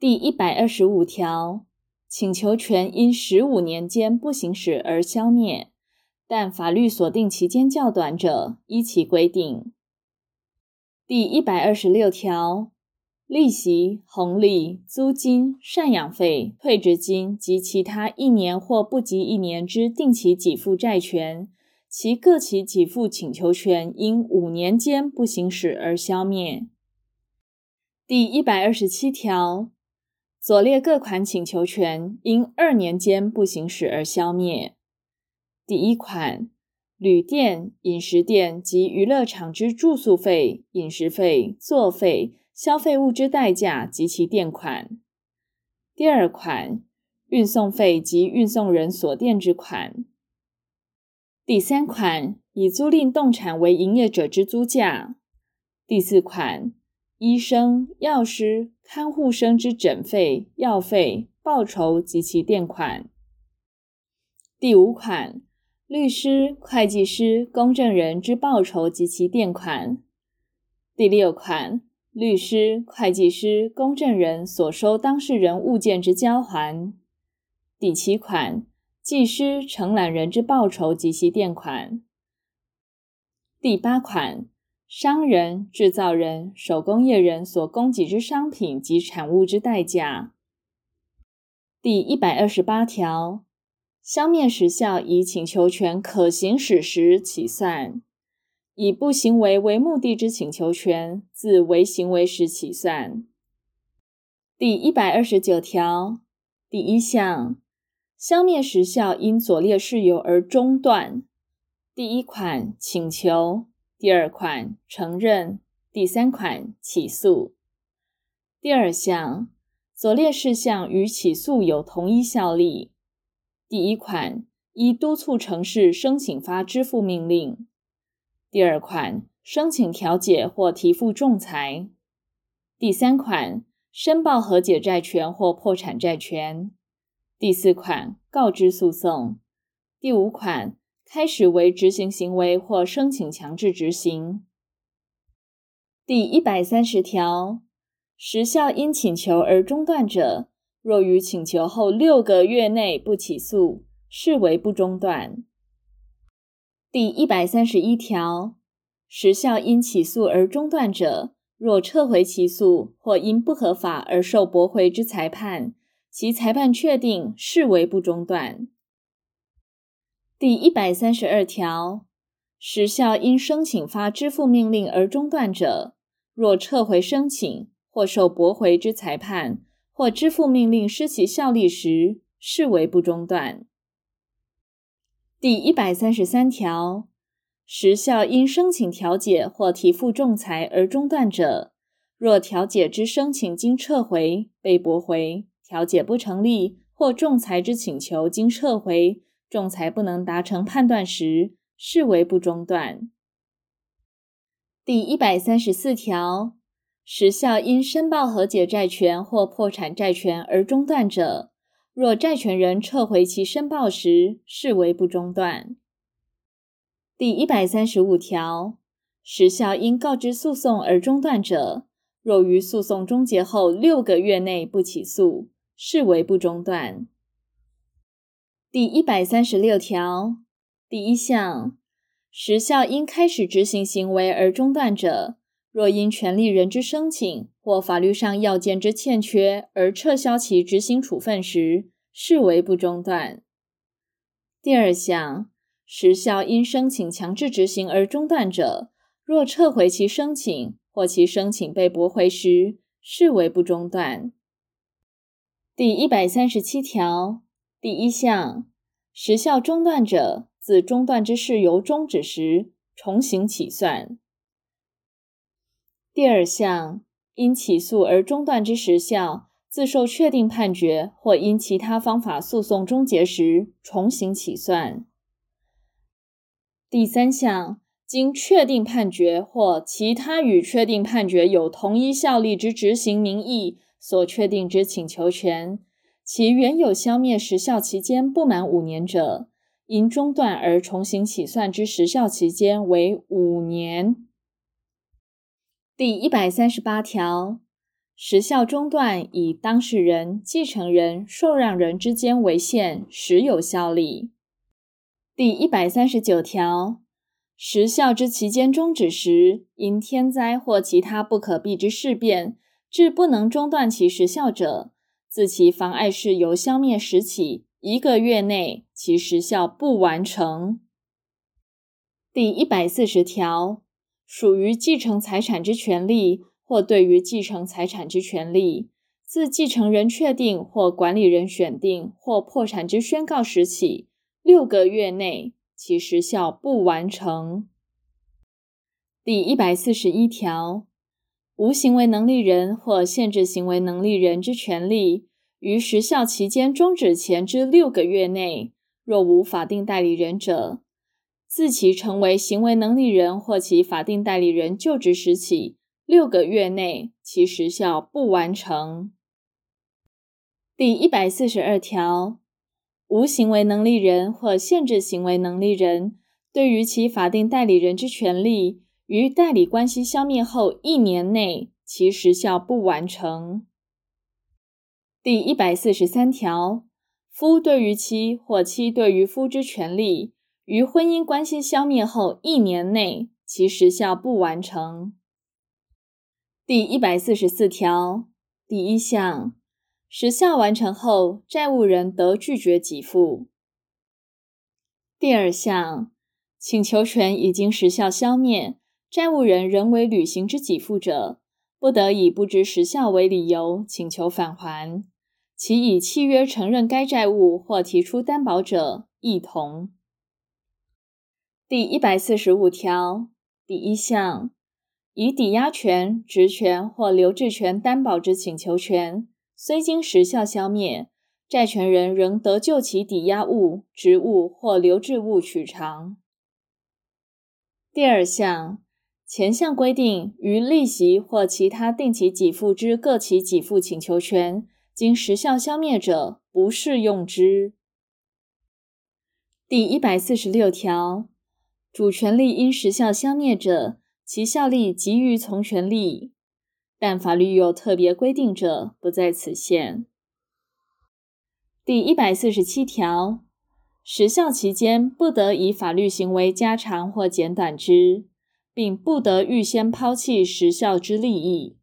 第一百二十五條，請求權因十五年間不行使而消滅，但法律所定期間較短者，依其規定。第一百二十六條，利息、紅利、租金、贍養費、退職金及其他一年或不及一年之定期給付債權，其各期給付請求權因五年間不行使而消滅。第一百二十七條。左列各款請求權因二年間不行使而消滅。第一款，旅店、飲食店及娛樂場之住宿費、飲食費、座費、消費物之代價及其墊款；第二款，運送費及運送人所墊之款；第三款，以租賃動產為營業者之租價；第四款。醫生、藥師、看護生之診費、藥費、報酬及其墊款。第五款，律師、會計師、公證人之報酬及其墊款。第六款，律師、會計師、公證人所收當事人物件之交還。第七款，技師、承攬人之報酬及其墊款。第八款。商人、製造人、手工業人所供給之商品及產物之代價。第一百二十八條，消滅時效以請求權可行使時起算；以不行為為目的之請求權，自為行為時起算。第一百二十九條第一項，消滅時效因左列事由而中斷。第一款請求。第二款承認，第三款起訴。第二項所列事項與起訴有同一效力。第一款依督促程序申請發支付命令；第二款申請調解或提付仲裁；第三款申報和解債權或破產債權；第四款告知訴訟；第五款。開始為執行行為或申請強制執行。第一百三十條，時效因請求而中斷者，若於請求後六個月內不起訴，視為不中斷。第一百三十一條，時效因起訴而中斷者，若撤回起訴或因不合法而受駁回之裁判，其裁判確定，視為不中斷。第一百三十二條，時效因申請發支付命令而中斷者，若撤回申請或受駁回之裁判或支付命令失其效力時，視為不中斷。第一百三十三條，時效因申請調解或提付仲裁而中斷者，若調解之申請經撤回、被駁回、調解不成立，或仲裁之請求經撤回。仲裁不能達成判斷時，視為不中斷。第一百三十四條，時效因申報和解債權或破產債權而中斷者，若債權人撤回其申報時，視為不中斷。第一百三十五條，時效因告知訴訟而中斷者，若於訴訟終結後六個月內不起訴，視為不中斷。第一百三十六條第一項，時效因開始執行行為而中斷者，若因權利人之申請或法律上要件之欠缺而撤銷其執行處分時，視為不中斷。第二項，時效因申請強制執行而中斷者，若撤回其申請或其申請被駁回時，視為不中斷。第一百三十七條。第一項，時效中斷者，自中斷之事由終止時，重行起算。第二項，因起訴而中斷之時效，自受確定判決或因其他方法訴訟終結時，重行起算。第三項，經確定判決或其他與確定判決有同一效力之執行名義所確定之請求權。其原有消滅時效期間不滿五年者，因中斷而重新起算之時效期間為五年。第一百三十八條，時效中斷以當事人、繼承人、受讓人之間為限，始有效力。第一百三十九條，時效之期間終止時，因天災或其他不可避之事變，致不能中斷其時效者，自其妨礙事由消滅時起，一個月內其時效不完成。第一百四十條，屬於繼承財產之權利或對於繼承財產之權利，自繼承人確定或管理人選定或破產之宣告時起，六個月內其時效不完成。第一百四十一條，無行為能力人或限制行為能力人之權利，於時效期間終止前之六個月內，若無法定代理人者，自其成為行為能力人或其法定代理人就職時起六個月內，其時效不完成。第一百四十二條，無行為能力人或限制行為能力人對於其法定代理人之權利。於代理關係消滅後一年內，其時效不完成。第一百四十三條，夫對於妻或妻對於夫之權利，於婚姻關係消滅後一年內，其時效不完成。第一百四十四條第一項，時效完成後，債務人得拒絕給付。第二項，請求權已經時效消滅。債務人仍為履行之給付者，不得以不知時效為理由請求返還。其以契約承認該債務或提出擔保者，亦同。第一百四十五條第一項，以抵押權、質權或留置權擔保之請求權，雖經時效消滅，債權人仍得就其抵押物、質物或留置物取償。第二項。前項規定，於利息或其他定期給付之各期給付請求權，經時效消滅者，不適用之。第一百四十六條，主權利因時效消滅者，其效力及於從權利，但法律有特別規定者，不在此限。第一百四十七條，時效期間不得以法律行為加長或減短之，並不得預先拋棄時效之利益。